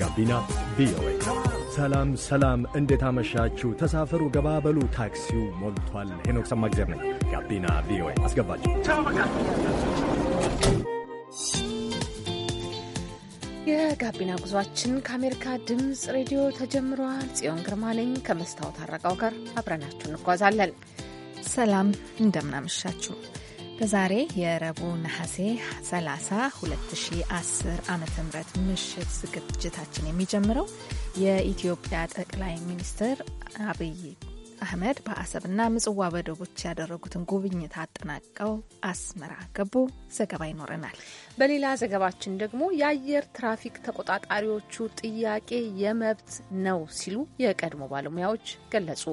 ጋቢና ቪኦኤ። ሰላም ሰላም፣ እንዴት አመሻችሁ? ተሳፈሩ፣ ገባበሉ፣ ታክሲው ሞልቷል። ሄኖክ ሰማግዜር ነኝ። ጋቢና ቪኦኤ አስገባችሁ። የጋቢና ጉዟችን ከአሜሪካ ድምፅ ሬዲዮ ተጀምሯል። ጽዮን ግርማ ነኝ ከመስታወት አረጋው ጋር አብረናችሁ እንጓዛለን። ሰላም እንደምናመሻችሁ በዛሬ የረቡዕ ነሐሴ 30 2010 ዓ ም ምሽት ዝግጅታችን የሚጀምረው የኢትዮጵያ ጠቅላይ ሚኒስትር አብይ አህመድ በአሰብና ምጽዋ ወደቦች ያደረጉትን ጉብኝት አጠናቀው አስመራ ገቡ። ዘገባ ይኖረናል። በሌላ ዘገባችን ደግሞ የአየር ትራፊክ ተቆጣጣሪዎቹ ጥያቄ የመብት ነው ሲሉ የቀድሞ ባለሙያዎች ገለጹ።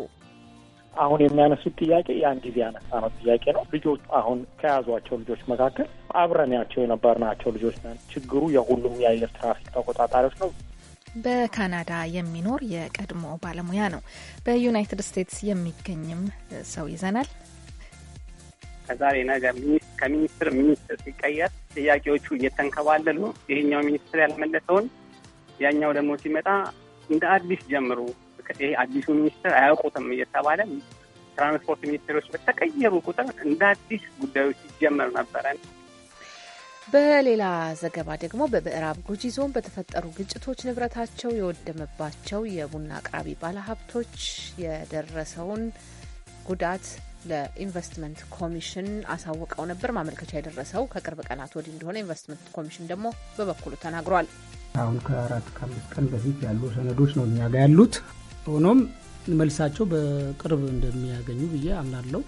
አሁን የሚያነሱት ጥያቄ ያን ጊዜ ያነሳ ነው ጥያቄ ነው። ልጆች አሁን ከያዟቸው ልጆች መካከል አብረናቸው የነበርናቸው ልጆች ነን። ችግሩ የሁሉም የአየር ትራፊክ ተቆጣጣሪዎች ነው። በካናዳ የሚኖር የቀድሞ ባለሙያ ነው። በዩናይትድ ስቴትስ የሚገኝም ሰው ይዘናል። ከዛሬ ነገ ከሚኒስትር ሚኒስትር ሲቀየር ጥያቄዎቹ እየተንከባለሉ ይሄኛው ሚኒስትር ያልመለሰውን ያኛው ደግሞ ሲመጣ እንደ አዲስ ጀምሩ ይሄ አዲሱ ሚኒስትር አያውቁትም እየተባለ ትራንስፖርት ሚኒስትሮች በተቀየሩ ቁጥር እንደ አዲስ ጉዳዮች ይጀመር ነበረ። በሌላ ዘገባ ደግሞ በምዕራብ ጉጂ ዞን በተፈጠሩ ግጭቶች ንብረታቸው የወደመባቸው የቡና አቅራቢ ባለሀብቶች የደረሰውን ጉዳት ለኢንቨስትመንት ኮሚሽን አሳውቀው ነበር። ማመልከቻ የደረሰው ከቅርብ ቀናት ወዲህ እንደሆነ ኢንቨስትመንት ኮሚሽን ደግሞ በበኩሉ ተናግሯል። አሁን ከአራት ከአምስት ቀን በፊት ያሉ ሰነዶች ነው እኛ ያሉት ሆኖም መልሳቸው በቅርብ እንደሚያገኙ ብዬ አምናለሁ።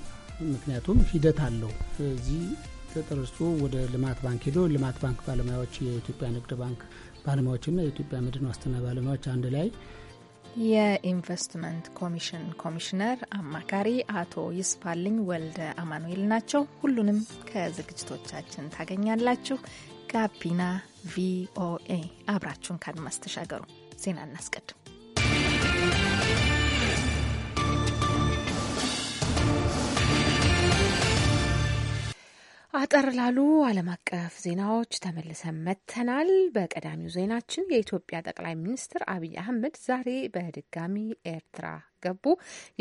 ምክንያቱም ሂደት አለው። እዚህ ተጠርሶ ወደ ልማት ባንክ ሄዶ ልማት ባንክ ባለሙያዎች፣ የኢትዮጵያ ንግድ ባንክ ባለሙያዎችና የኢትዮጵያ መድን ዋስትና ባለሙያዎች አንድ ላይ የኢንቨስትመንት ኮሚሽን ኮሚሽነር አማካሪ አቶ ይስፋልኝ ወልደ አማኑኤል ናቸው። ሁሉንም ከዝግጅቶቻችን ታገኛላችሁ። ጋቢና ቪኦኤ አብራችሁን ካድማስ ተሻገሩ። ዜና እናስቀድም። አጠር ላሉ ዓለም አቀፍ ዜናዎች ተመልሰን መጥተናል። በቀዳሚው ዜናችን የኢትዮጵያ ጠቅላይ ሚኒስትር አብይ አህመድ ዛሬ በድጋሚ ኤርትራ ገቡ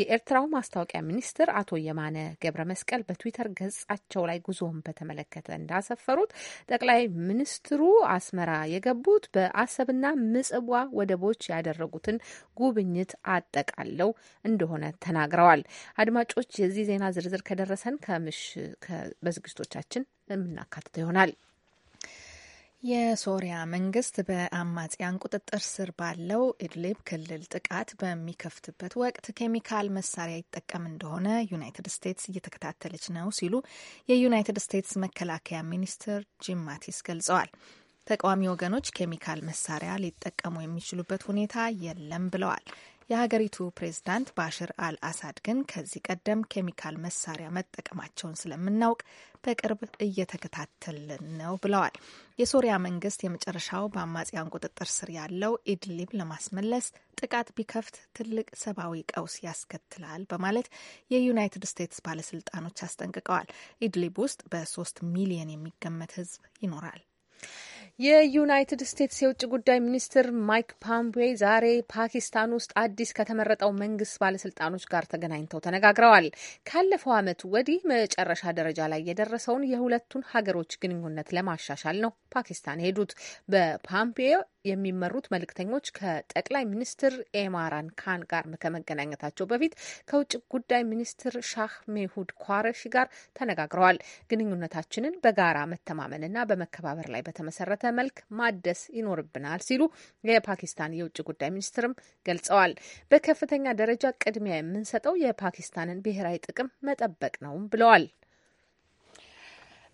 የኤርትራው ማስታወቂያ ሚኒስትር አቶ የማነ ገብረ መስቀል በትዊተር ገጻቸው ላይ ጉዞውን በተመለከተ እንዳሰፈሩት ጠቅላይ ሚኒስትሩ አስመራ የገቡት በአሰብና ምጽዋ ወደቦች ያደረጉትን ጉብኝት አጠቃለው እንደሆነ ተናግረዋል። አድማጮች የዚህ ዜና ዝርዝር ከደረሰን ከምሽ በዝግጅቶቻችን የምናካትተው ይሆናል። የሶሪያ መንግስት በአማጽያን ቁጥጥር ስር ባለው ኢድሊብ ክልል ጥቃት በሚከፍትበት ወቅት ኬሚካል መሳሪያ ይጠቀም እንደሆነ ዩናይትድ ስቴትስ እየተከታተለች ነው ሲሉ የዩናይትድ ስቴትስ መከላከያ ሚኒስትር ጂም ማቲስ ገልጸዋል። ተቃዋሚ ወገኖች ኬሚካል መሳሪያ ሊጠቀሙ የሚችሉበት ሁኔታ የለም ብለዋል። የሀገሪቱ ፕሬዝዳንት ባሽር አል አሳድ ግን ከዚህ ቀደም ኬሚካል መሳሪያ መጠቀማቸውን ስለምናውቅ በቅርብ እየተከታተልን ነው ብለዋል። የሶሪያ መንግስት የመጨረሻው በአማጽያን ቁጥጥር ስር ያለው ኢድሊብ ለማስመለስ ጥቃት ቢከፍት ትልቅ ሰብአዊ ቀውስ ያስከትላል በማለት የዩናይትድ ስቴትስ ባለስልጣኖች አስጠንቅቀዋል። ኢድሊብ ውስጥ በሶስት ሚሊየን የሚገመት ህዝብ ይኖራል። የዩናይትድ ስቴትስ የውጭ ጉዳይ ሚኒስትር ማይክ ፖምፔዮ ዛሬ ፓኪስታን ውስጥ አዲስ ከተመረጠው መንግስት ባለስልጣኖች ጋር ተገናኝተው ተነጋግረዋል። ካለፈው ዓመት ወዲህ መጨረሻ ደረጃ ላይ የደረሰውን የሁለቱን ሀገሮች ግንኙነት ለማሻሻል ነው ፓኪስታን ሄዱት። በፖምፔዮ የሚመሩት መልእክተኞች ከጠቅላይ ሚኒስትር ኤማራን ካን ጋር ከመገናኘታቸው በፊት ከውጭ ጉዳይ ሚኒስትር ሻህ ሜሁድ ኳረሺ ጋር ተነጋግረዋል። ግንኙነታችንን በጋራ መተማመንና በመከባበር ላይ በተመሰረተ መልክ ማደስ ይኖርብናል ሲሉ የፓኪስታን የውጭ ጉዳይ ሚኒስትርም ገልጸዋል። በከፍተኛ ደረጃ ቅድሚያ የምንሰጠው የፓኪስታንን ብሔራዊ ጥቅም መጠበቅ ነው ብለዋል።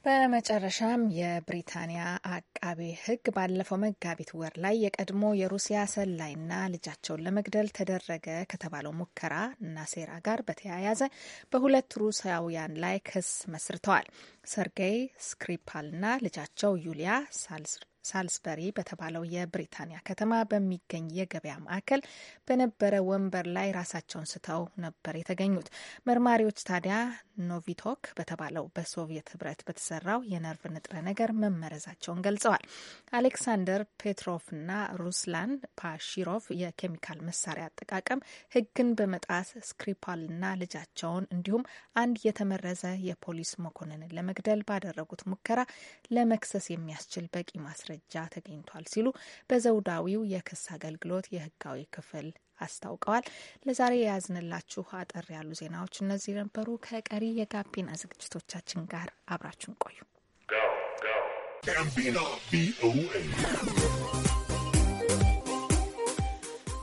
በመጨረሻም የብሪታንያ አቃቤ ሕግ ባለፈው መጋቢት ወር ላይ የቀድሞ የሩሲያ ሰላይና ልጃቸውን ለመግደል ተደረገ ከተባለው ሙከራ እና ሴራ ጋር በተያያዘ በሁለት ሩሲያውያን ላይ ክስ መስርተዋል። ሰርጌይ ስክሪፓልና ልጃቸው ዩሊያ ሳልስበሪ በተባለው የብሪታንያ ከተማ በሚገኝ የገበያ ማዕከል በነበረ ወንበር ላይ ራሳቸውን ስተው ነበር የተገኙት። መርማሪዎች ታዲያ ኖቪቶክ በተባለው በሶቪየት ህብረት በተሰራው የነርቭ ንጥረ ነገር መመረዛቸውን ገልጸዋል። አሌክሳንደር ፔትሮቭና ሩስላን ፓሺሮቭ የኬሚካል መሳሪያ አጠቃቀም ህግን በመጣስ ስክሪፓልና ልጃቸውን እንዲሁም አንድ የተመረዘ የፖሊስ መኮንንን ለመግደል ባደረጉት ሙከራ ለመክሰስ የሚያስችል በቂ ማስረጃ ተገኝቷል ሲሉ በዘውዳዊው የክስ አገልግሎት የህጋዊ ክፍል አስታውቀዋል። ለዛሬ የያዝንላችሁ አጠር ያሉ ዜናዎች እነዚህ ነበሩ። ከቀሪ የጋቢና ዝግጅቶቻችን ጋር አብራችሁን ቆዩ።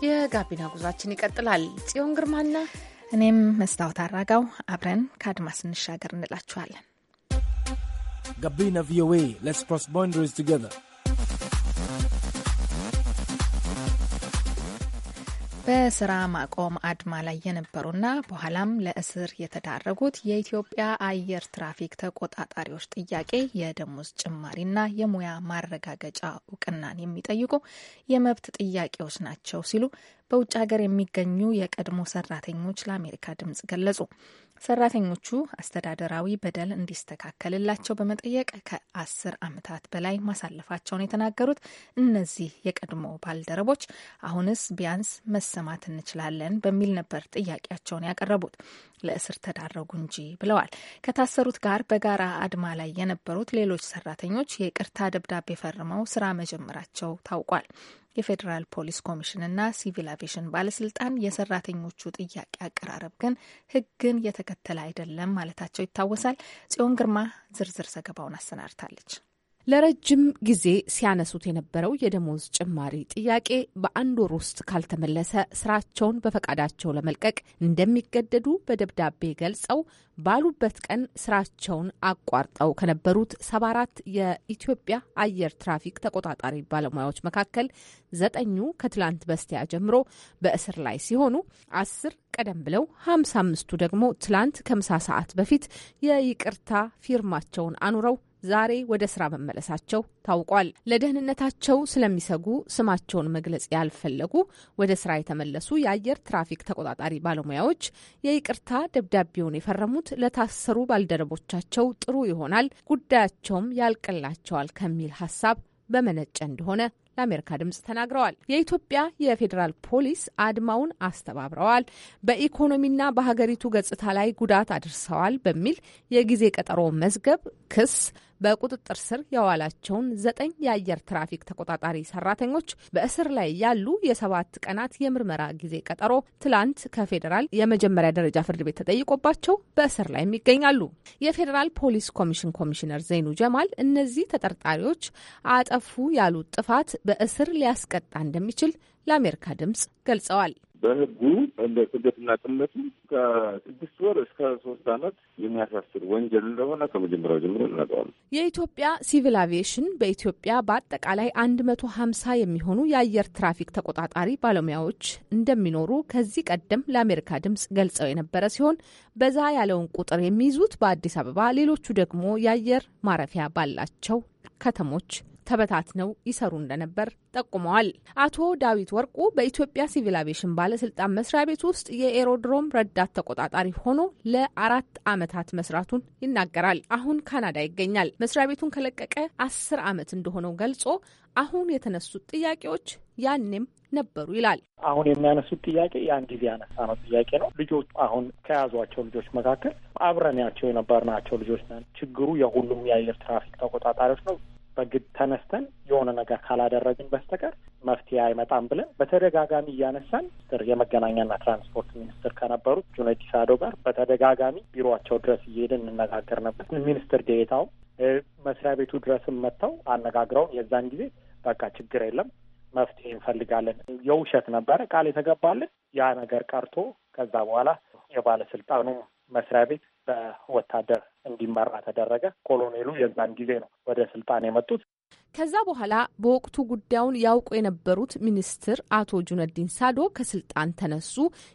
የጋቢና ጉዟችን ይቀጥላል። ጽዮን ግርማና እኔም መስታወት አራጋው አብረን ከአድማስ እንሻገር እንላችኋለን። ጋቢና ቪኦኤ ሌትስ ክሮስ ባውንደሪስ ቱጌዘር በስራ ማቆም አድማ ላይ የነበሩና በኋላም ለእስር የተዳረጉት የኢትዮጵያ አየር ትራፊክ ተቆጣጣሪዎች ጥያቄ የደሞዝ ጭማሪና የሙያ ማረጋገጫ እውቅናን የሚጠይቁ የመብት ጥያቄዎች ናቸው ሲሉ በውጭ ሀገር የሚገኙ የቀድሞ ሰራተኞች ለአሜሪካ ድምጽ ገለጹ። ሰራተኞቹ አስተዳደራዊ በደል እንዲስተካከልላቸው በመጠየቅ ከአስር ዓመታት በላይ ማሳለፋቸውን የተናገሩት እነዚህ የቀድሞ ባልደረቦች አሁንስ ቢያንስ መሰማት እንችላለን በሚል ነበር ጥያቄያቸውን ያቀረቡት። ለእስር ተዳረጉ እንጂ ብለዋል። ከታሰሩት ጋር በጋራ አድማ ላይ የነበሩት ሌሎች ሰራተኞች የቅርታ ደብዳቤ ፈርመው ስራ መጀመራቸው ታውቋል። የፌዴራል ፖሊስ ኮሚሽንና ሲቪል አቪሽን ባለስልጣን የሰራተኞቹ ጥያቄ አቀራረብ ግን ሕግን የተከተለ አይደለም ማለታቸው ይታወሳል። ጽዮን ግርማ ዝርዝር ዘገባውን አሰናድታለች። ለረጅም ጊዜ ሲያነሱት የነበረው የደሞዝ ጭማሪ ጥያቄ በአንድ ወር ውስጥ ካልተመለሰ ስራቸውን በፈቃዳቸው ለመልቀቅ እንደሚገደዱ በደብዳቤ ገልጸው ባሉበት ቀን ስራቸውን አቋርጠው ከነበሩት ሰባ አራት የኢትዮጵያ አየር ትራፊክ ተቆጣጣሪ ባለሙያዎች መካከል ዘጠኙ ከትላንት በስቲያ ጀምሮ በእስር ላይ ሲሆኑ አስር ቀደም ብለው ሀምሳ አምስቱ ደግሞ ትላንት ከምሳ ሰዓት በፊት የይቅርታ ፊርማቸውን አኑረው ዛሬ ወደ ስራ መመለሳቸው ታውቋል። ለደህንነታቸው ስለሚሰጉ ስማቸውን መግለጽ ያልፈለጉ ወደ ስራ የተመለሱ የአየር ትራፊክ ተቆጣጣሪ ባለሙያዎች የይቅርታ ደብዳቤውን የፈረሙት ለታሰሩ ባልደረቦቻቸው ጥሩ ይሆናል፣ ጉዳያቸውም ያልቅላቸዋል ከሚል ሀሳብ በመነጨ እንደሆነ ለአሜሪካ ድምጽ ተናግረዋል። የኢትዮጵያ የፌዴራል ፖሊስ አድማውን አስተባብረዋል፣ በኢኮኖሚና በሀገሪቱ ገጽታ ላይ ጉዳት አድርሰዋል በሚል የጊዜ ቀጠሮ መዝገብ ክስ በቁጥጥር ስር የዋላቸውን ዘጠኝ የአየር ትራፊክ ተቆጣጣሪ ሰራተኞች በእስር ላይ ያሉ የሰባት ቀናት የምርመራ ጊዜ ቀጠሮ ትላንት ከፌዴራል የመጀመሪያ ደረጃ ፍርድ ቤት ተጠይቆባቸው በእስር ላይም ይገኛሉ። የፌዴራል ፖሊስ ኮሚሽን ኮሚሽነር ዘይኑ ጀማል እነዚህ ተጠርጣሪዎች አጠፉ ያሉት ጥፋት በእስር ሊያስቀጣ እንደሚችል ለአሜሪካ ድምጽ ገልጸዋል። በህጉ እንደ ስደትና ጥመቱ ከስድስት ወር እስከ ሶስት አመት የሚያሳስር ወንጀል እንደሆነ ከመጀመሪያው ጀምሮ እናውቀዋለን። የኢትዮጵያ ሲቪል አቪዬሽን በኢትዮጵያ በአጠቃላይ አንድ መቶ ሀምሳ የሚሆኑ የአየር ትራፊክ ተቆጣጣሪ ባለሙያዎች እንደሚኖሩ ከዚህ ቀደም ለአሜሪካ ድምጽ ገልጸው የነበረ ሲሆን በዛ ያለውን ቁጥር የሚይዙት በአዲስ አበባ፣ ሌሎቹ ደግሞ የአየር ማረፊያ ባላቸው ከተሞች ተበታትነው ይሰሩ እንደነበር ጠቁመዋል። አቶ ዳዊት ወርቁ በኢትዮጵያ ሲቪል አቪሽን ባለስልጣን መስሪያ ቤት ውስጥ የኤሮድሮም ረዳት ተቆጣጣሪ ሆኖ ለአራት ዓመታት መስራቱን ይናገራል። አሁን ካናዳ ይገኛል። መስሪያ ቤቱን ከለቀቀ አስር ዓመት እንደሆነው ገልጾ አሁን የተነሱት ጥያቄዎች ያኔም ነበሩ ይላል። አሁን የሚያነሱት ጥያቄ ያን ጊዜ ያነሳ ነው ጥያቄ ነው። ልጆች አሁን ከያዟቸው ልጆች መካከል አብረናቸው የነበርናቸው ልጆች ነን። ችግሩ የሁሉም የአየር ትራፊክ ተቆጣጣሪዎች ነው። በግድ ተነስተን የሆነ ነገር ካላደረግን በስተቀር መፍትሄ አይመጣም ብለን በተደጋጋሚ እያነሳን ሚኒስትር የመገናኛና ትራንስፖርት ሚኒስትር ከነበሩት ጁነዲን ሳዶ ጋር በተደጋጋሚ ቢሮቸው ድረስ እየሄድን እንነጋገር ነበር። ሚኒስትር ዴኤታው መስሪያ ቤቱ ድረስም መጥተው አነጋግረውን የዛን ጊዜ በቃ ችግር የለም መፍትሄ እንፈልጋለን። የውሸት ነበረ ቃል የተገባልን ያ ነገር ቀርቶ ከዛ በኋላ የባለስልጣኑ መስሪያ ቤት በወታደር እንዲመራ ተደረገ። ኮሎኔሉ የዛን ጊዜ ነው ወደ ስልጣን የመጡት። ከዛ በኋላ በወቅቱ ጉዳዩን ያውቁ የነበሩት ሚኒስትር አቶ ጁነዲን ሳዶ ከስልጣን ተነሱ።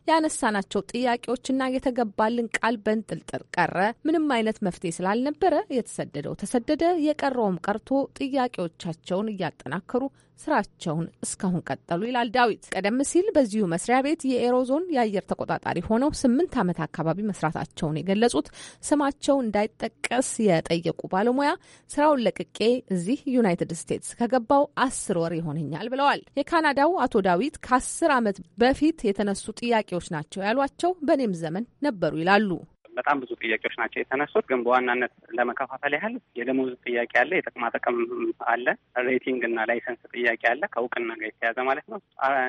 ያነሳናቸው ጥያቄዎችና የተገባልን ቃል በንጥልጥል ቀረ። ምንም አይነት መፍትሄ ስላልነበረ የተሰደደው ተሰደደ፣ የቀረውም ቀርቶ ጥያቄዎቻቸውን እያጠናከሩ ስራቸውን እስካሁን ቀጠሉ ይላል ዳዊት። ቀደም ሲል በዚሁ መስሪያ ቤት የኤሮዞን የአየር ተቆጣጣሪ ሆነው ስምንት ዓመት አካባቢ መስራታቸውን የገለጹት ስማቸው እንዳይጠቀስ የጠየቁ ባለሙያ ስራውን ለቅቄ እዚህ ዩናይትድ ስቴትስ ከገባው አስር ወር ይሆነኛል ብለዋል። የካናዳው አቶ ዳዊት ከአስር ዓመት በፊት የተነሱ ጥያቄዎች ናቸው ያሏቸው በእኔም ዘመን ነበሩ ይላሉ። በጣም ብዙ ጥያቄዎች ናቸው የተነሱት። ግን በዋናነት ለመከፋፈል ያህል የደሞዝ ጥያቄ አለ፣ የጥቅማ ጥቅም አለ፣ ሬቲንግ እና ላይሰንስ ጥያቄ አለ፣ ከእውቅና ጋር የተያዘ ማለት ነው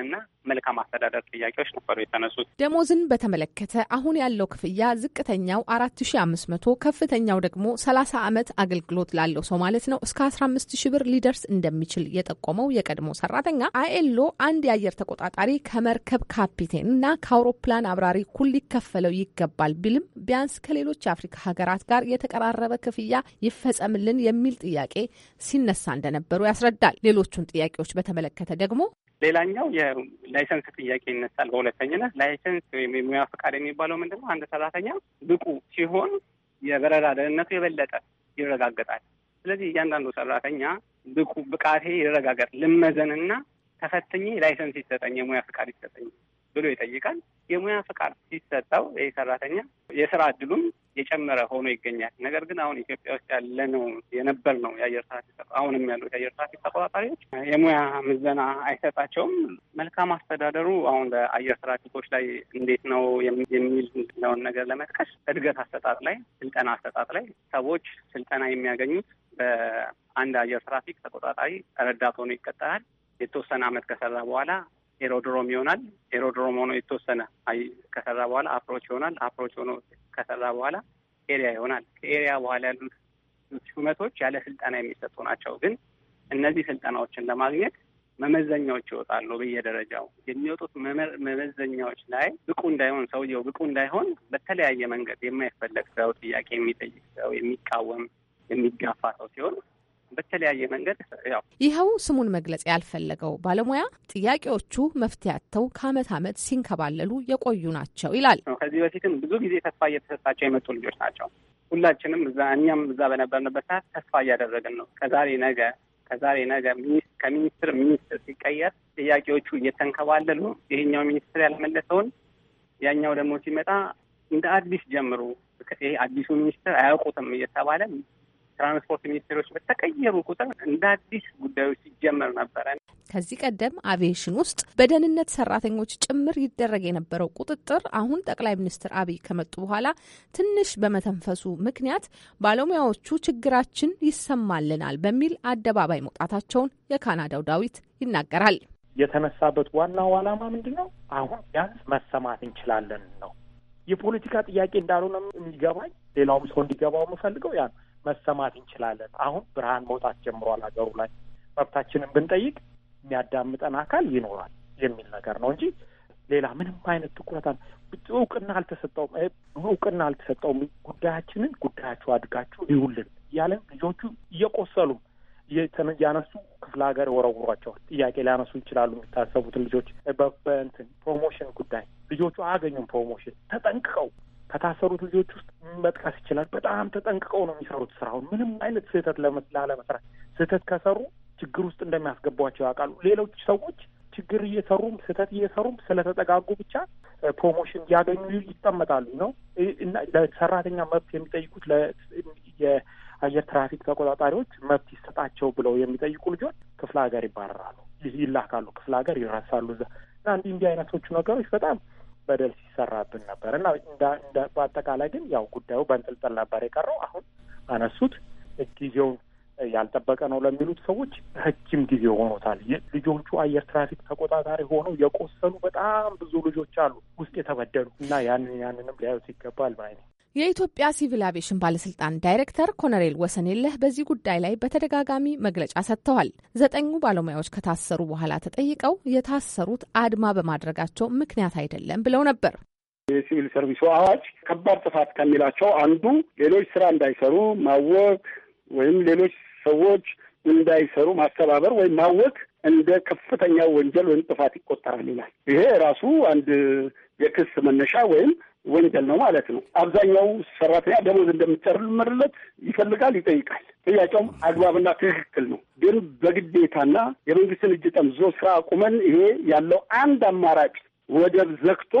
እና መልካም አስተዳደር ጥያቄዎች ነበሩ የተነሱት። ደሞዝን በተመለከተ አሁን ያለው ክፍያ ዝቅተኛው አራት ሺ አምስት መቶ ከፍተኛው ደግሞ ሰላሳ ዓመት አገልግሎት ላለው ሰው ማለት ነው እስከ አስራ አምስት ሺ ብር ሊደርስ እንደሚችል የጠቆመው የቀድሞ ሰራተኛ አኤሎ አንድ የአየር ተቆጣጣሪ ከመርከብ ካፒቴን እና ከአውሮፕላን አብራሪ ኩል ሊከፈለው ይገባል ቢልም ቢያንስ ከሌሎች የአፍሪካ ሀገራት ጋር የተቀራረበ ክፍያ ይፈጸምልን የሚል ጥያቄ ሲነሳ እንደነበሩ ያስረዳል። ሌሎቹን ጥያቄዎች በተመለከተ ደግሞ ሌላኛው የላይሰንስ ጥያቄ ይነሳል። በሁለተኝነት ላይሰንስ ወይም የሙያ ፈቃድ የሚባለው ምንድን ነው? አንድ ሰራተኛ ብቁ ሲሆን የበረራ ደህንነቱ የበለጠ ይረጋገጣል። ስለዚህ እያንዳንዱ ሰራተኛ ብቁ ብቃቴ ይረጋገጥ ልመዘንና ተፈትኜ ላይሰንስ ይሰጠኝ የሙያ ፍቃድ ይሰጠኝ ብሎ ይጠይቃል። የሙያ ፈቃድ ሲሰጠው ይህ ሰራተኛ የስራ እድሉም የጨመረ ሆኖ ይገኛል። ነገር ግን አሁን ኢትዮጵያ ውስጥ ያለ ነው የነበር ነው የአየር ትራፊክ አሁንም ያሉት የአየር ትራፊክ ተቆጣጣሪዎች የሙያ ምዘና አይሰጣቸውም። መልካም አስተዳደሩ አሁን በአየር ትራፊኮች ላይ እንዴት ነው የሚል ለውን ነገር ለመጥቀስ እድገት አሰጣጥ ላይ ስልጠና አሰጣጥ ላይ ሰዎች ስልጠና የሚያገኙት በአንድ አየር ትራፊክ ተቆጣጣሪ ረዳት ሆኖ ይቀጠራል። የተወሰነ ዓመት ከሰራ በኋላ ኤሮድሮም ይሆናል። ኤሮድሮም ሆኖ የተወሰነ ከሰራ በኋላ አፕሮች ይሆናል። አፕሮች ሆኖ ከሰራ በኋላ ኤሪያ ይሆናል። ከኤሪያ በኋላ ያሉት ሹመቶች ያለ ስልጠና የሚሰጡ ናቸው። ግን እነዚህ ስልጠናዎችን ለማግኘት መመዘኛዎች ይወጣሉ። በየደረጃው የሚወጡት መመዘኛዎች ላይ ብቁ እንዳይሆን ሰውየው ብቁ እንዳይሆን በተለያየ መንገድ የማይፈለግ ሰው፣ ጥያቄ የሚጠይቅ ሰው፣ የሚቃወም የሚጋፋ ሰው ሲሆን በተለያየ መንገድ ያው ይኸው ስሙን መግለጽ ያልፈለገው ባለሙያ ጥያቄዎቹ መፍትሄ አጥተው ከአመት አመት ሲንከባለሉ የቆዩ ናቸው ይላል። ከዚህ በፊትም ብዙ ጊዜ ተስፋ እየተሰጣቸው የመጡ ልጆች ናቸው። ሁላችንም እዛ እኛም እዛ በነበርንበት ሰዓት ተስፋ እያደረግን ነው ከዛሬ ነገ ከዛሬ ነገ ከሚኒስትር ሚኒስትር ሲቀየር ጥያቄዎቹ እየተንከባለሉ ይሄኛው ሚኒስትር ያልመለሰውን ያኛው ደግሞ ሲመጣ እንደ አዲስ ጀምሩ፣ ይሄ አዲሱ ሚኒስትር አያውቁትም እየተባለ ትራንስፖርት ሚኒስቴሮች በተቀየሩ ቁጥር እንደ አዲስ ጉዳዮች ሲጀመር ነበረ። ከዚህ ቀደም አቪዬሽን ውስጥ በደህንነት ሰራተኞች ጭምር ይደረግ የነበረው ቁጥጥር አሁን ጠቅላይ ሚኒስትር አብይ ከመጡ በኋላ ትንሽ በመተንፈሱ ምክንያት ባለሙያዎቹ ችግራችን ይሰማልናል በሚል አደባባይ መውጣታቸውን የካናዳው ዳዊት ይናገራል። የተነሳበት ዋናው ዓላማ ምንድን ነው? አሁን ቢያንስ መሰማት እንችላለን ነው። የፖለቲካ ጥያቄ እንዳልሆነ የሚገባኝ ሌላውም ሰው እንዲገባው የምፈልገው ያ ነው። መሰማት እንችላለን። አሁን ብርሃን መውጣት ጀምሯል ሀገሩ ላይ መብታችንን ብንጠይቅ የሚያዳምጠን አካል ይኖራል የሚል ነገር ነው እንጂ ሌላ ምንም አይነት ትኩረት እውቅና አልተሰጠውም። እውቅና አልተሰጠውም። ጉዳያችንን ጉዳያችሁ አድጋችሁ ይውልን እያለን ልጆቹ እየቆሰሉም እያነሱ ክፍለ ሀገር ወረውሯቸዋል። ጥያቄ ሊያነሱ ይችላሉ የሚታሰቡትን ልጆች በእንትን ፕሮሞሽን ጉዳይ ልጆቹ አያገኙም ፕሮሞሽን ተጠንቅቀው ከታሰሩት ልጆች ውስጥ መጥቀስ ይችላል። በጣም ተጠንቅቀው ነው የሚሰሩት ስራውን። ምንም አይነት ስህተት ላለመስራት፣ ስህተት ከሰሩ ችግር ውስጥ እንደሚያስገቧቸው ያውቃሉ። ሌሎች ሰዎች ችግር እየሰሩም ስህተት እየሰሩም ስለተጠጋጉ ብቻ ፕሮሞሽን ያገኙ ይጠመጣሉ ነው እና ለሰራተኛ መብት የሚጠይቁት የአየር ትራፊክ ተቆጣጣሪዎች መብት ይሰጣቸው ብለው የሚጠይቁ ልጆች ክፍለ ሀገር ይባረራሉ፣ ይላካሉ፣ ክፍለ ሀገር ይረሳሉ። እዛ እና እንዲህ እንዲህ አይነቶቹ ነገሮች በጣም በደል ሲሰራብን ነበር እና በአጠቃላይ ግን ያው ጉዳዩ በንጥልጥል ነበር የቀረው። አሁን አነሱት ጊዜውን ያልጠበቀ ነው ለሚሉት ሰዎች ረጅም ጊዜ ሆኖታል። ልጆቹ አየር ትራፊክ ተቆጣጣሪ ሆነው የቆሰሉ በጣም ብዙ ልጆች አሉ ውስጥ የተበደሉ እና ያንን ያንንም ሊያዩት ይገባል ባይ ነኝ። የኢትዮጵያ ሲቪል አቪሽን ባለስልጣን ዳይሬክተር ኮነሬል ወሰኔለህ በዚህ ጉዳይ ላይ በተደጋጋሚ መግለጫ ሰጥተዋል። ዘጠኙ ባለሙያዎች ከታሰሩ በኋላ ተጠይቀው የታሰሩት አድማ በማድረጋቸው ምክንያት አይደለም ብለው ነበር። የሲቪል ሰርቪሱ አዋጅ ከባድ ጥፋት ከሚላቸው አንዱ ሌሎች ስራ እንዳይሰሩ ማወክ ወይም ሌሎች ሰዎች እንዳይሰሩ ማስተባበር ወይም ማወክ እንደ ከፍተኛ ወንጀል ወይም ጥፋት ይቆጠራል ይላል። ይሄ ራሱ አንድ የክስ መነሻ ወይም ወንጀል ነው ማለት ነው። አብዛኛው ሰራተኛ ደሞዝ እንደሚጨምርለት ይፈልጋል፣ ይጠይቃል። ጥያቄውም አግባብና ትክክል ነው። ግን በግዴታና የመንግስትን እጅ ጠምዞ ስራ አቁመን ይሄ ያለው አንድ አማራጭ ወደብ ዘግቶ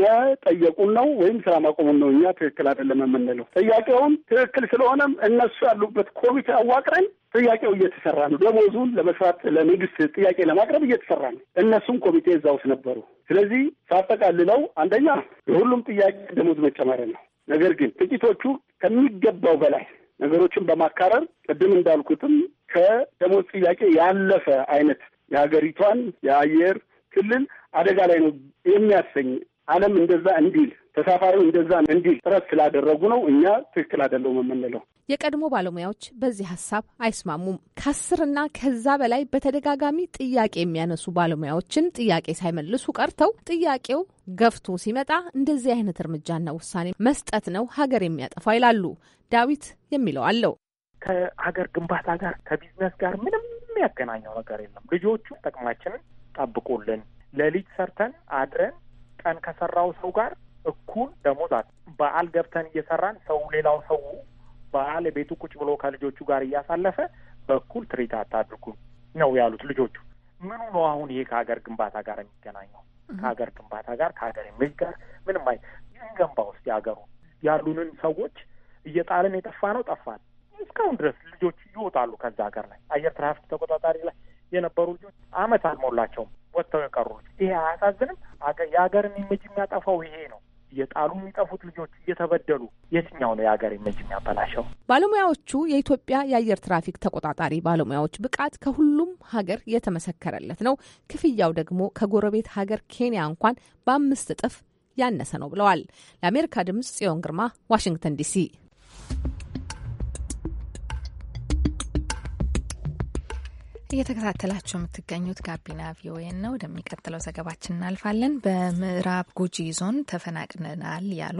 መጠየቁን ነው ወይም ስራ ማቆሙን ነው። እኛ ትክክል አይደለም የምንለው ጥያቄውን ትክክል ስለሆነም እነሱ ያሉበት ኮሚቴ አዋቅረን ጥያቄው እየተሰራ ነው። ደሞዙን ለመስራት ለመንግስት ጥያቄ ለማቅረብ እየተሰራ ነው። እነሱም ኮሚቴ እዛ ውስጥ ነበሩ። ስለዚህ ሳጠቃልለው፣ አንደኛ የሁሉም ጥያቄ ደሞዝ መጨመር ነው። ነገር ግን ጥቂቶቹ ከሚገባው በላይ ነገሮችን በማካረር ቅድም እንዳልኩትም ከደሞዝ ጥያቄ ያለፈ አይነት የሀገሪቷን የአየር ክልል አደጋ ላይ ነው የሚያሰኝ ዓለም እንደዛ እንዲል ተሳፋሪው እንደዛ እንዲል ጥረት ስላደረጉ ነው እኛ ትክክል አይደለውም የምንለው። የቀድሞ ባለሙያዎች በዚህ ሀሳብ አይስማሙም። ከአስርና ከዛ በላይ በተደጋጋሚ ጥያቄ የሚያነሱ ባለሙያዎችን ጥያቄ ሳይመልሱ ቀርተው ጥያቄው ገፍቶ ሲመጣ እንደዚህ አይነት እርምጃና ውሳኔ መስጠት ነው ሀገር የሚያጠፋ ይላሉ። ዳዊት የሚለው አለው ከሀገር ግንባታ ጋር ከቢዝነስ ጋር ምንም የሚያገናኘው ነገር የለም። ልጆቹ ጥቅማችንን ጠብቁልን፣ ለልጅ ሰርተን አድረን ቀን ከሰራው ሰው ጋር እኩል ደሞዝ አለ። በዓል ገብተን እየሰራን ሰው ሌላው ሰው በዓል ቤቱ ቁጭ ብሎ ከልጆቹ ጋር እያሳለፈ በኩል ትሪት አታድርጉ ነው ያሉት ልጆቹ። ምኑ ነው አሁን ይሄ ከሀገር ግንባታ ጋር የሚገናኘው? ከሀገር ግንባታ ጋር ከሀገር የምጅ ጋር ምንም አይ ይንገንባ ውስጥ የሀገሩ ያሉንን ሰዎች እየጣልን የጠፋ ነው ጠፋል። እስካሁን ድረስ ልጆቹ ይወጣሉ ከዛ ሀገር ላይ አየር ትራፊክ ተቆጣጣሪ ላይ የነበሩ ልጆች አመት አልሞላቸውም ወጥተው የቀሩት። ይሄ አያሳዝንም? የሀገርን ኢሜጅ የሚያጠፋው ይሄ ነው። እየጣሉ የሚጠፉት ልጆች እየተበደሉ የትኛው ነው የሀገር ኢሜጅ የሚያበላሸው? ባለሙያዎቹ የኢትዮጵያ የአየር ትራፊክ ተቆጣጣሪ ባለሙያዎች ብቃት ከሁሉም ሀገር የተመሰከረለት ነው። ክፍያው ደግሞ ከጎረቤት ሀገር ኬንያ እንኳን በአምስት እጥፍ ያነሰ ነው ብለዋል። ለአሜሪካ ድምጽ ጽዮን ግርማ ዋሽንግተን ዲሲ እየተከታተላችሁ የምትገኙት ጋቢና ቪኦኤ ነው። ወደሚቀጥለው ዘገባችን እናልፋለን። በምዕራብ ጉጂ ዞን ተፈናቅለናል ያሉ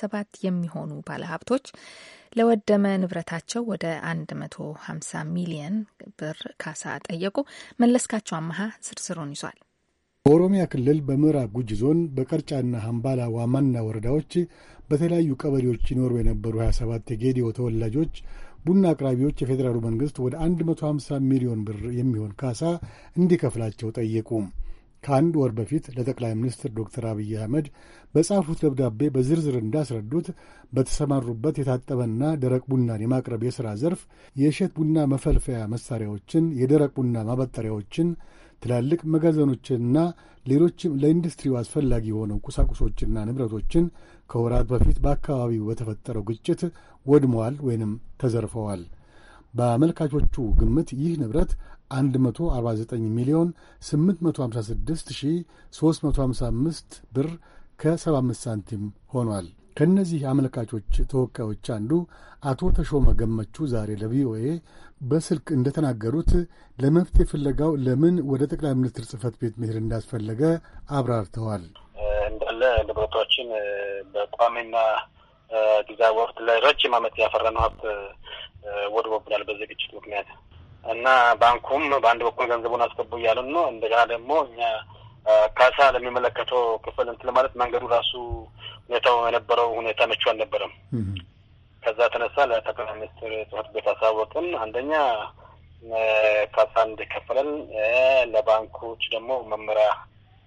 ሰባት የሚሆኑ ባለሀብቶች ለወደመ ንብረታቸው ወደ 1መቶ ሀምሳ ሚሊየን ብር ካሳ ጠየቁ። መለስካቸው አመሃ ዝርዝሩን ይዟል። በኦሮሚያ ክልል በምዕራብ ጉጂ ዞን በቀርጫና ሀምባላ ዋማና ወረዳዎች በተለያዩ ቀበሌዎች ይኖሩ የነበሩ 27 የጌዲዮ ተወላጆች ቡና አቅራቢዎች የፌዴራሉ መንግሥት ወደ 150 ሚሊዮን ብር የሚሆን ካሳ እንዲከፍላቸው ጠየቁ። ከአንድ ወር በፊት ለጠቅላይ ሚኒስትር ዶክተር አብይ አህመድ በጻፉት ደብዳቤ በዝርዝር እንዳስረዱት በተሰማሩበት የታጠበና ደረቅ ቡናን የማቅረብ የሥራ ዘርፍ የእሸት ቡና መፈልፈያ መሣሪያዎችን፣ የደረቅ ቡና ማበጠሪያዎችን ትላልቅ መጋዘኖችንና ሌሎችም ለኢንዱስትሪው አስፈላጊ የሆነው ቁሳቁሶችና ንብረቶችን ከወራት በፊት በአካባቢው በተፈጠረው ግጭት ወድመዋል ወይንም ተዘርፈዋል። በአመልካቾቹ ግምት ይህ ንብረት 149 ሚሊዮን 856,355 ብር ከ75 ሳንቲም ሆኗል። ከእነዚህ አመልካቾች ተወካዮች አንዱ አቶ ተሾመ ገመቹ ዛሬ ለቪኦኤ በስልክ እንደተናገሩት ለመፍትሄ ፍለጋው ለምን ወደ ጠቅላይ ሚኒስትር ጽህፈት ቤት መሄድ እንዳስፈለገ አብራርተዋል። እንዳለ ንብረቶችን በቋሚና ጊዜ ወቅት ላይ ረጅም ዓመት ያፈራነው ሀብት ወድቦብናል በዚህ ግጭት ምክንያት እና ባንኩም በአንድ በኩል ገንዘቡን አስገቡ እያሉን ነው። እንደገና ደግሞ እኛ ካሳ ለሚመለከተው ክፍል እንትን ማለት መንገዱ ራሱ ሁኔታው የነበረው ሁኔታ መቹ አልነበረም። ከዛ ተነሳ ለጠቅላይ ሚኒስትር ጽሕፈት ቤት አሳወቅን። አንደኛ ካሳ እንዲከፈለን፣ ለባንኮች ደግሞ መመሪያ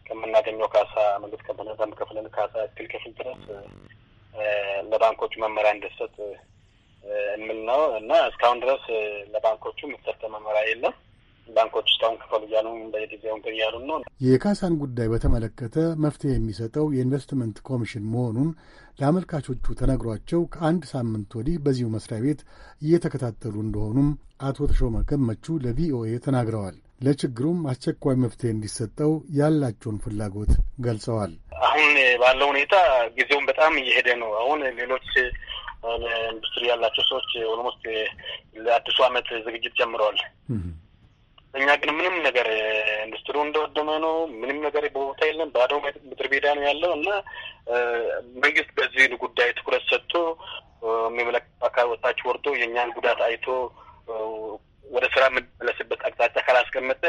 ከምናገኘው ካሳ መንግስት ከበነዛ ምከፍለን ካሳ እክል ክፍል ድረስ ለባንኮቹ መመሪያ እንዲሰጥ የሚል ነው እና እስካሁን ድረስ ለባንኮቹ የሚሰጠ መመሪያ የለም። ባንኮች እስካሁን ክፈሉ እያሉ በየጊዜው እንትን እያሉ ነው። የካሳን ጉዳይ በተመለከተ መፍትሄ የሚሰጠው የኢንቨስትመንት ኮሚሽን መሆኑን ለአመልካቾቹ ተነግሯቸው ከአንድ ሳምንት ወዲህ በዚሁ መስሪያ ቤት እየተከታተሉ እንደሆኑም አቶ ተሾመ ገመቹ ለቪኦኤ ተናግረዋል። ለችግሩም አስቸኳይ መፍትሄ እንዲሰጠው ያላቸውን ፍላጎት ገልጸዋል። አሁን ባለው ሁኔታ ጊዜውን በጣም እየሄደ ነው። አሁን ሌሎች ኢንዱስትሪ ያላቸው ሰዎች ኦልሞስት ለአዲሱ ዓመት ዝግጅት ጀምረዋል። እኛ ግን ምንም ነገር ኢንዱስትሪ እንደወደመ ነው። ምንም ነገር ቦታ የለም። ባዶ ምድር ቤዳ ነው ያለው እና መንግስት በዚህ ጉዳይ ትኩረት ሰጥቶ የሚመለከቱ አካል ወታች ወርዶ የእኛን ጉዳት አይቶ ወደ ስራ የምንመለስበት አቅጣጫ ካላስቀመጠ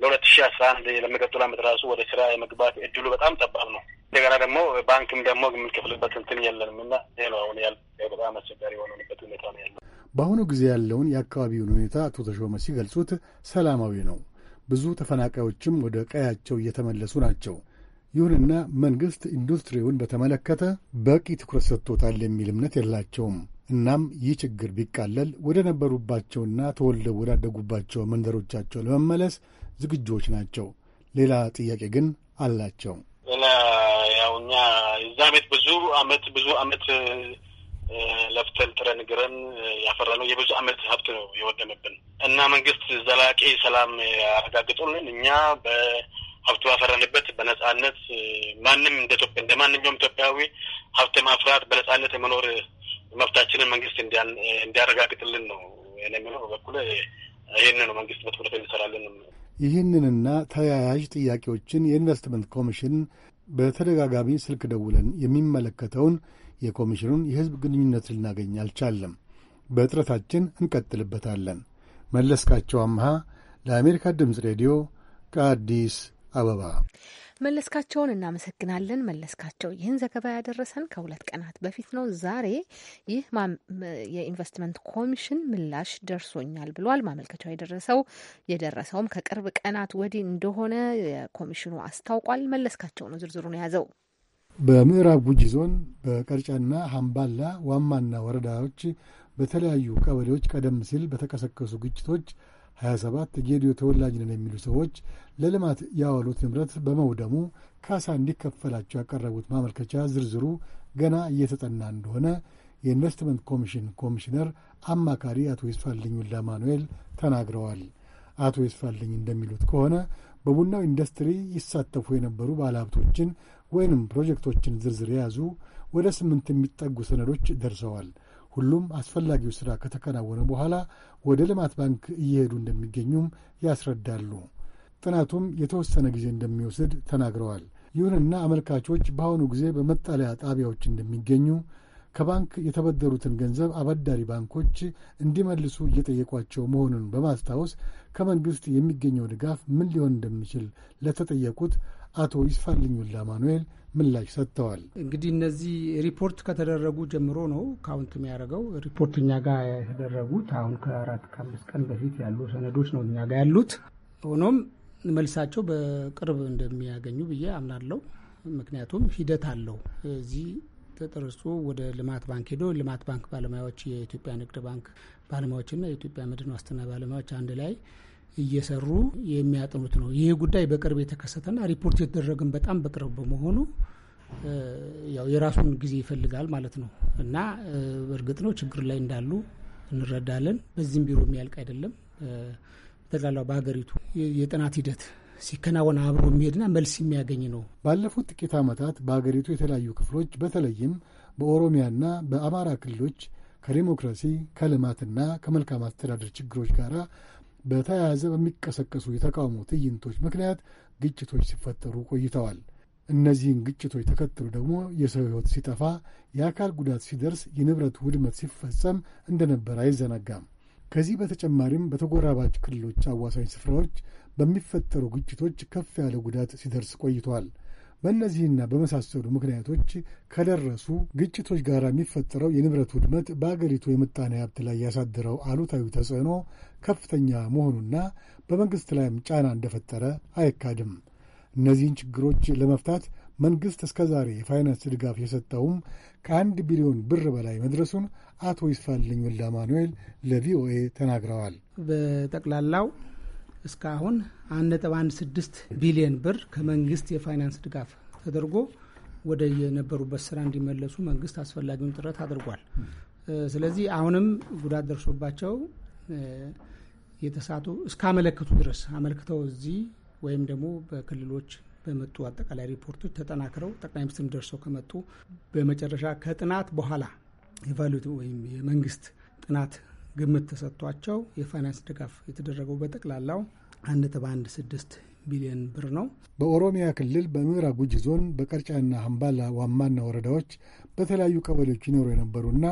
ለሁለት ሺ አስራ አንድ ለሚቀጥሉ ዓመት ራሱ ወደ ስራ የመግባት እድሉ በጣም ጠባብ ነው። እንደገና ደግሞ ባንክም ደግሞ የምንከፍልበት እንትን የለንም እና ይህ ነው አሁን ያል በጣም አስቸጋሪ የሆነበት ሁኔታ ነው ያለው። በአሁኑ ጊዜ ያለውን የአካባቢውን ሁኔታ አቶ ተሾመ ሲገልጹት ሰላማዊ ነው። ብዙ ተፈናቃዮችም ወደ ቀያቸው እየተመለሱ ናቸው። ይሁንና መንግሥት ኢንዱስትሪውን በተመለከተ በቂ ትኩረት ሰጥቶታል የሚል እምነት የላቸውም። እናም ይህ ችግር ቢቃለል ወደ ነበሩባቸውና ተወልደው ወዳደጉባቸው መንደሮቻቸው ለመመለስ ዝግጁዎች ናቸው። ሌላ ጥያቄ ግን አላቸው። ያው እኛ እዛ ቤት ብዙ አመት ብዙ አመት ለፍተን ጥረን ግረን ያፈራነው የብዙ አመት ሀብት ነው የወደመብን እና መንግስት ዘላቂ ሰላም ያረጋግጡልን። እኛ በሀብቱ ባፈራንበት በነጻነት ማንም እንደ ኢትዮጵያ እንደ ማንኛውም ኢትዮጵያዊ ሀብት ማፍራት በነጻነት የመኖር መብታችንን መንግስት እንዲያረጋግጥልን ነው እኔ የምለው በበኩል ይህን ነው መንግስት በትኩረት እንሰራለን። ይህንንና ተያያዥ ጥያቄዎችን የኢንቨስትመንት ኮሚሽን በተደጋጋሚ ስልክ ደውለን የሚመለከተውን የኮሚሽኑን የሕዝብ ግንኙነት ልናገኝ አልቻለም። በጥረታችን እንቀጥልበታለን። መለስካቸው አምሃ ለአሜሪካ ድምፅ ሬዲዮ ከአዲስ አበባ። መለስካቸውን እናመሰግናለን። መለስካቸው ይህን ዘገባ ያደረሰን ከሁለት ቀናት በፊት ነው። ዛሬ ይህ የኢንቨስትመንት ኮሚሽን ምላሽ ደርሶኛል ብሏል። ማመልከቻው የደረሰው የደረሰውም ከቅርብ ቀናት ወዲህ እንደሆነ የኮሚሽኑ አስታውቋል። መለስካቸው ነው ዝርዝሩን የያዘው። በምዕራብ ጉጂ ዞን በቀርጫና ሀምባላ ዋማና ወረዳዎች በተለያዩ ቀበሌዎች ቀደም ሲል በተቀሰቀሱ ግጭቶች 27 የጌዲዮ ተወላጅ ነን የሚሉ ሰዎች ለልማት ያዋሉት ንብረት በመውደሙ ካሳ እንዲከፈላቸው ያቀረቡት ማመልከቻ ዝርዝሩ ገና እየተጠና እንደሆነ የኢንቨስትመንት ኮሚሽን ኮሚሽነር አማካሪ አቶ ይስፋልኝ ወልደ ማኑኤል ተናግረዋል። አቶ ይስፋልኝ እንደሚሉት ከሆነ በቡናው ኢንዱስትሪ ይሳተፉ የነበሩ ባለሀብቶችን ወይንም ፕሮጀክቶችን ዝርዝር የያዙ ወደ ስምንት የሚጠጉ ሰነዶች ደርሰዋል። ሁሉም አስፈላጊው ሥራ ከተከናወነ በኋላ ወደ ልማት ባንክ እየሄዱ እንደሚገኙም ያስረዳሉ። ጥናቱም የተወሰነ ጊዜ እንደሚወስድ ተናግረዋል። ይሁንና አመልካቾች በአሁኑ ጊዜ በመጠለያ ጣቢያዎች እንደሚገኙ ከባንክ የተበደሩትን ገንዘብ አበዳሪ ባንኮች እንዲመልሱ እየጠየቋቸው መሆኑን በማስታወስ ከመንግሥት የሚገኘው ድጋፍ ምን ሊሆን እንደሚችል ለተጠየቁት አቶ ይስፋልኝ ወልደ ማኑኤል ምላሽ ሰጥተዋል። እንግዲህ እነዚህ ሪፖርት ከተደረጉ ጀምሮ ነው ካውንት የሚያደርገው። ሪፖርት እኛ ጋ የተደረጉት አሁን ከአራት ከአምስት ቀን በፊት ያሉ ሰነዶች ነው እኛ ጋ ያሉት። ሆኖም መልሳቸው በቅርብ እንደሚያገኙ ብዬ አምናለሁ። ምክንያቱም ሂደት አለው። እዚህ ተጠርሶ ወደ ልማት ባንክ ሄዶ ልማት ባንክ ባለሙያዎች፣ የኢትዮጵያ ንግድ ባንክ ባለሙያዎችና የኢትዮጵያ መድን ዋስትና ባለሙያዎች አንድ ላይ እየሰሩ የሚያጠኑት ነው። ይህ ጉዳይ በቅርብ የተከሰተና ሪፖርት የተደረገን በጣም በቅርብ በመሆኑ ያው የራሱን ጊዜ ይፈልጋል ማለት ነው እና እርግጥ ነው ችግር ላይ እንዳሉ እንረዳለን። በዚህም ቢሮ የሚያልቅ አይደለም። በጠቅላላው በሀገሪቱ የጥናት ሂደት ሲከናወን አብሮ የሚሄድና መልስ የሚያገኝ ነው። ባለፉት ጥቂት ዓመታት በሀገሪቱ የተለያዩ ክፍሎች በተለይም በኦሮሚያና በአማራ ክልሎች ከዴሞክራሲ ከልማትና ከመልካም አስተዳደር ችግሮች ጋር በተያያዘ በሚቀሰቀሱ የተቃውሞ ትዕይንቶች ምክንያት ግጭቶች ሲፈጠሩ ቆይተዋል። እነዚህን ግጭቶች ተከትሎ ደግሞ የሰው ሕይወት ሲጠፋ፣ የአካል ጉዳት ሲደርስ፣ የንብረት ውድመት ሲፈጸም እንደነበር አይዘነጋም። ከዚህ በተጨማሪም በተጎራባች ክልሎች አዋሳኝ ስፍራዎች በሚፈጠሩ ግጭቶች ከፍ ያለ ጉዳት ሲደርስ ቆይተዋል። በእነዚህና በመሳሰሉ ምክንያቶች ከደረሱ ግጭቶች ጋር የሚፈጠረው የንብረት ውድመት በአገሪቱ የምጣኔ ሀብት ላይ ያሳደረው አሉታዊ ተጽዕኖ ከፍተኛ መሆኑና በመንግሥት ላይም ጫና እንደፈጠረ አይካድም። እነዚህን ችግሮች ለመፍታት መንግሥት እስከ ዛሬ የፋይናንስ ድጋፍ የሰጠውም ከአንድ ቢሊዮን ብር በላይ መድረሱን አቶ ይስፋልኝ ወልደ አማኑኤል ለቪኦኤ ተናግረዋል። በጠቅላላው እስካሁን 1.16 ቢሊዮን ብር ከመንግስት የፋይናንስ ድጋፍ ተደርጎ ወደ የነበሩበት ስራ እንዲመለሱ መንግስት አስፈላጊውን ጥረት አድርጓል። ስለዚህ አሁንም ጉዳት ደርሶባቸው የተሳቱ እስካመለከቱ ድረስ አመልክተው እዚህ ወይም ደግሞ በክልሎች በመጡ አጠቃላይ ሪፖርቶች ተጠናክረው ጠቅላይ ሚኒስትር ደርሰው ከመጡ በመጨረሻ ከጥናት በኋላ ኢቫሉዌት ወይም የመንግስት ጥናት ግምት ተሰጥቷቸው የፋይናንስ ድጋፍ የተደረገው በጠቅላላው አንድ ነጥብ አንድ ስድስት ቢሊዮን ብር ነው። በኦሮሚያ ክልል በምዕራብ ጉጂ ዞን በቀርጫና አምባላ ዋማና ወረዳዎች በተለያዩ ቀበሌዎች ይኖሩ የነበሩና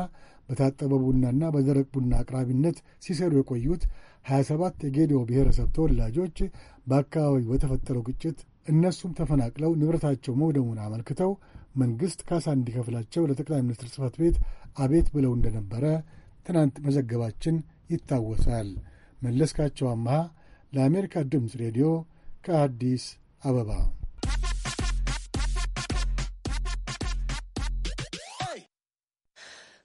በታጠበ ቡናና በደረቅ ቡና አቅራቢነት ሲሰሩ የቆዩት 27 የጌዲዮ ብሔረሰብ ተወላጆች በአካባቢው በተፈጠረው ግጭት እነሱም ተፈናቅለው ንብረታቸው መውደሙን አመልክተው መንግሥት ካሳ እንዲከፍላቸው ለጠቅላይ ሚኒስትር ጽህፈት ቤት አቤት ብለው እንደነበረ ትናንት መዘገባችን ይታወሳል። መለስካቸው አምሃ ለአሜሪካ ድምፅ ሬዲዮ ከአዲስ አበባ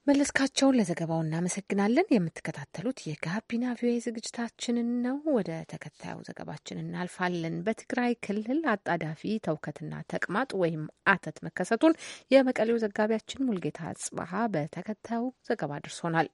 መለስካቸውን ለዘገባው እናመሰግናለን። የምትከታተሉት የጋቢና ቪኦኤ ዝግጅታችንን ነው። ወደ ተከታዩ ዘገባችን እናልፋለን። በትግራይ ክልል አጣዳፊ ተውከትና ተቅማጥ ወይም አተት መከሰቱን የመቀሌው ዘጋቢያችን ሙልጌታ ጽባሀ በተከታዩ ዘገባ አድርሶናል።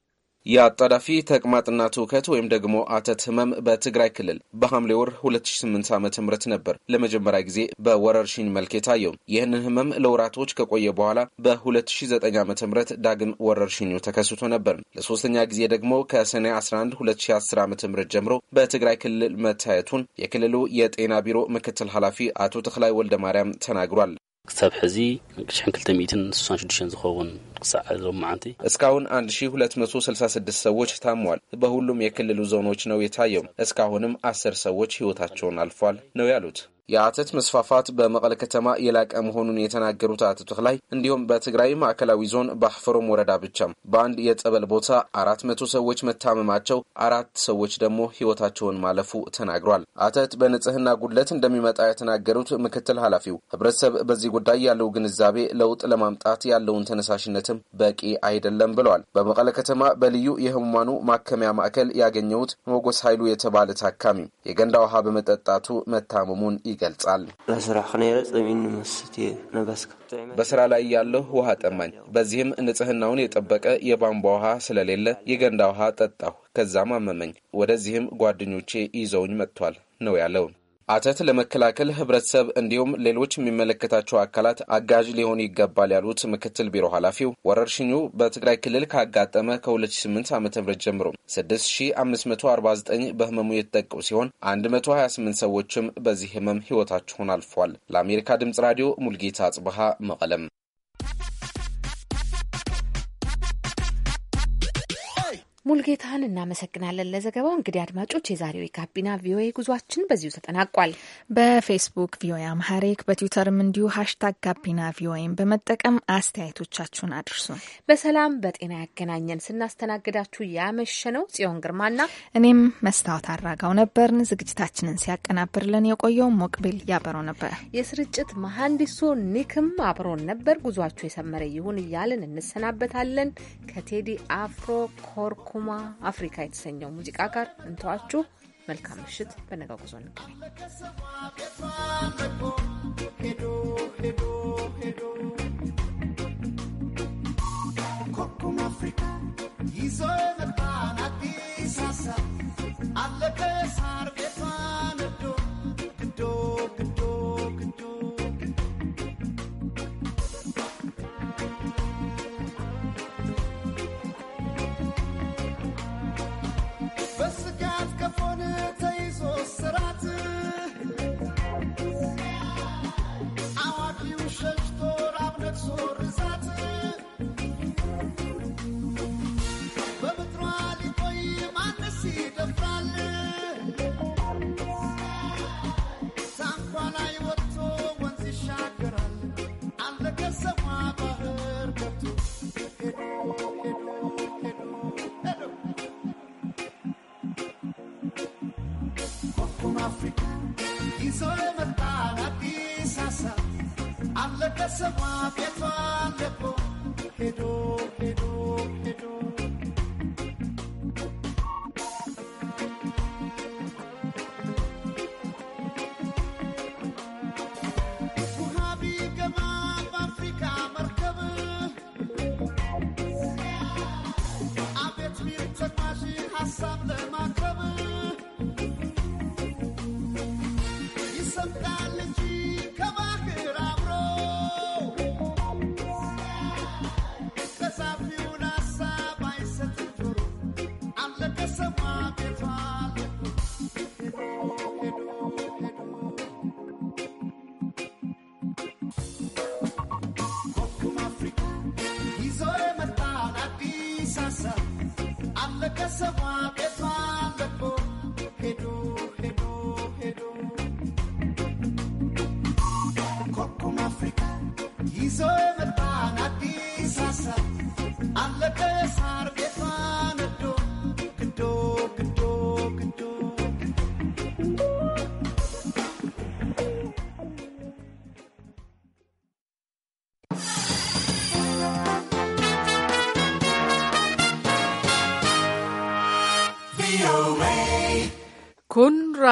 የአጣዳፊ ተቅማጥና ትውከት ወይም ደግሞ አተት ህመም በትግራይ ክልል በሐምሌ ወር 2008 ዓ ም ነበር ለመጀመሪያ ጊዜ በወረርሽኝ መልክ የታየው። ይህንን ህመም ለወራቶች ከቆየ በኋላ በ2009 ዓ ም ዳግም ወረርሽኙ ተከስቶ ነበር። ለሶስተኛ ጊዜ ደግሞ ከሰኔ 11 2010 ዓ ም ጀምሮ በትግራይ ክልል መታየቱን የክልሉ የጤና ቢሮ ምክትል ኃላፊ አቶ ተክላይ ወልደ ማርያም ተናግሯል። ክሳብ ሕዚ 1266 ዝኸውን ክሳዕ ሎም መዓንቲ እስካሁን 1266 ሰዎች ታሟል። በሁሉም የክልሉ ዞኖች ነው የታየው። እስካሁንም አስር ሰዎች ህይወታቸውን አልፏል ነው ያሉት። የአተት መስፋፋት በመቀለ ከተማ የላቀ መሆኑን የተናገሩት አቶ ተክላይ እንዲሁም በትግራይ ማዕከላዊ ዞን ባሕፈሮም ወረዳ ብቻም በአንድ የጸበል ቦታ አራት መቶ ሰዎች መታመማቸው አራት ሰዎች ደግሞ ሕይወታቸውን ማለፉ ተናግሯል። አተት በንጽህና ጉድለት እንደሚመጣ የተናገሩት ምክትል ኃላፊው ህብረተሰብ በዚህ ጉዳይ ያለው ግንዛቤ ለውጥ ለማምጣት ያለውን ተነሳሽነትም በቂ አይደለም ብለዋል። በመቀለ ከተማ በልዩ የህሙማኑ ማከሚያ ማዕከል ያገኘሁት ሞጎስ ኃይሉ የተባለ ታካሚ የገንዳ ውሃ በመጠጣቱ መታመሙን ይገልጻል። በስራ ላይ ያለሁ ውሃ ጠማኝ። በዚህም ንጽህናውን የጠበቀ የቧንቧ ውሃ ስለሌለ የገንዳ ውሃ ጠጣሁ። ከዛም አመመኝ። ወደዚህም ጓደኞቼ ይዘውኝ መጥቷል ነው ያለውን አተት ለመከላከል ህብረተሰብ እንዲሁም ሌሎች የሚመለከታቸው አካላት አጋዥ ሊሆኑ ይገባል ያሉት ምክትል ቢሮ ኃላፊው ወረርሽኙ በትግራይ ክልል ካጋጠመ ከ2008 ዓ ም ጀምሮ 6549 በህመሙ የተጠቁ ሲሆን 128 ሰዎችም በዚህ ህመም ህይወታቸውን አልፏል። ለአሜሪካ ድምጽ ራዲዮ ሙልጌታ አጽብሃ መቀለም ሙልጌታን እናመሰግናለን ለዘገባው። እንግዲህ አድማጮች የዛሬው የጋቢና ቪኦኤ ጉዟችን በዚሁ ተጠናቋል። በፌስቡክ ቪኦኤ አምሃሪክ በትዊተርም እንዲሁ ሀሽታግ ጋቢና ቪኦኤም በመጠቀም አስተያየቶቻችሁን አድርሱ በሰላም በጤና ያገናኘን። ስናስተናግዳችሁ ያመሸ ነው ጽዮን ግርማና እኔም መስታወት አራጋው ነበርን። ዝግጅታችንን ሲያቀናብርልን የቆየው ሞቅቤል ያበረው ነበር። የስርጭት መሀንዲሱ ኒክም አብሮን ነበር። ጉዟችሁ የሰመረ ይሁን እያልን እንሰናበታለን ከቴዲ አፍሮ ኮርኮ ኩማ አፍሪካ የተሰኘው ሙዚቃ ጋር እንተዋችሁ። መልካም ምሽት። በነጋ ጉዞ እንገናኝ።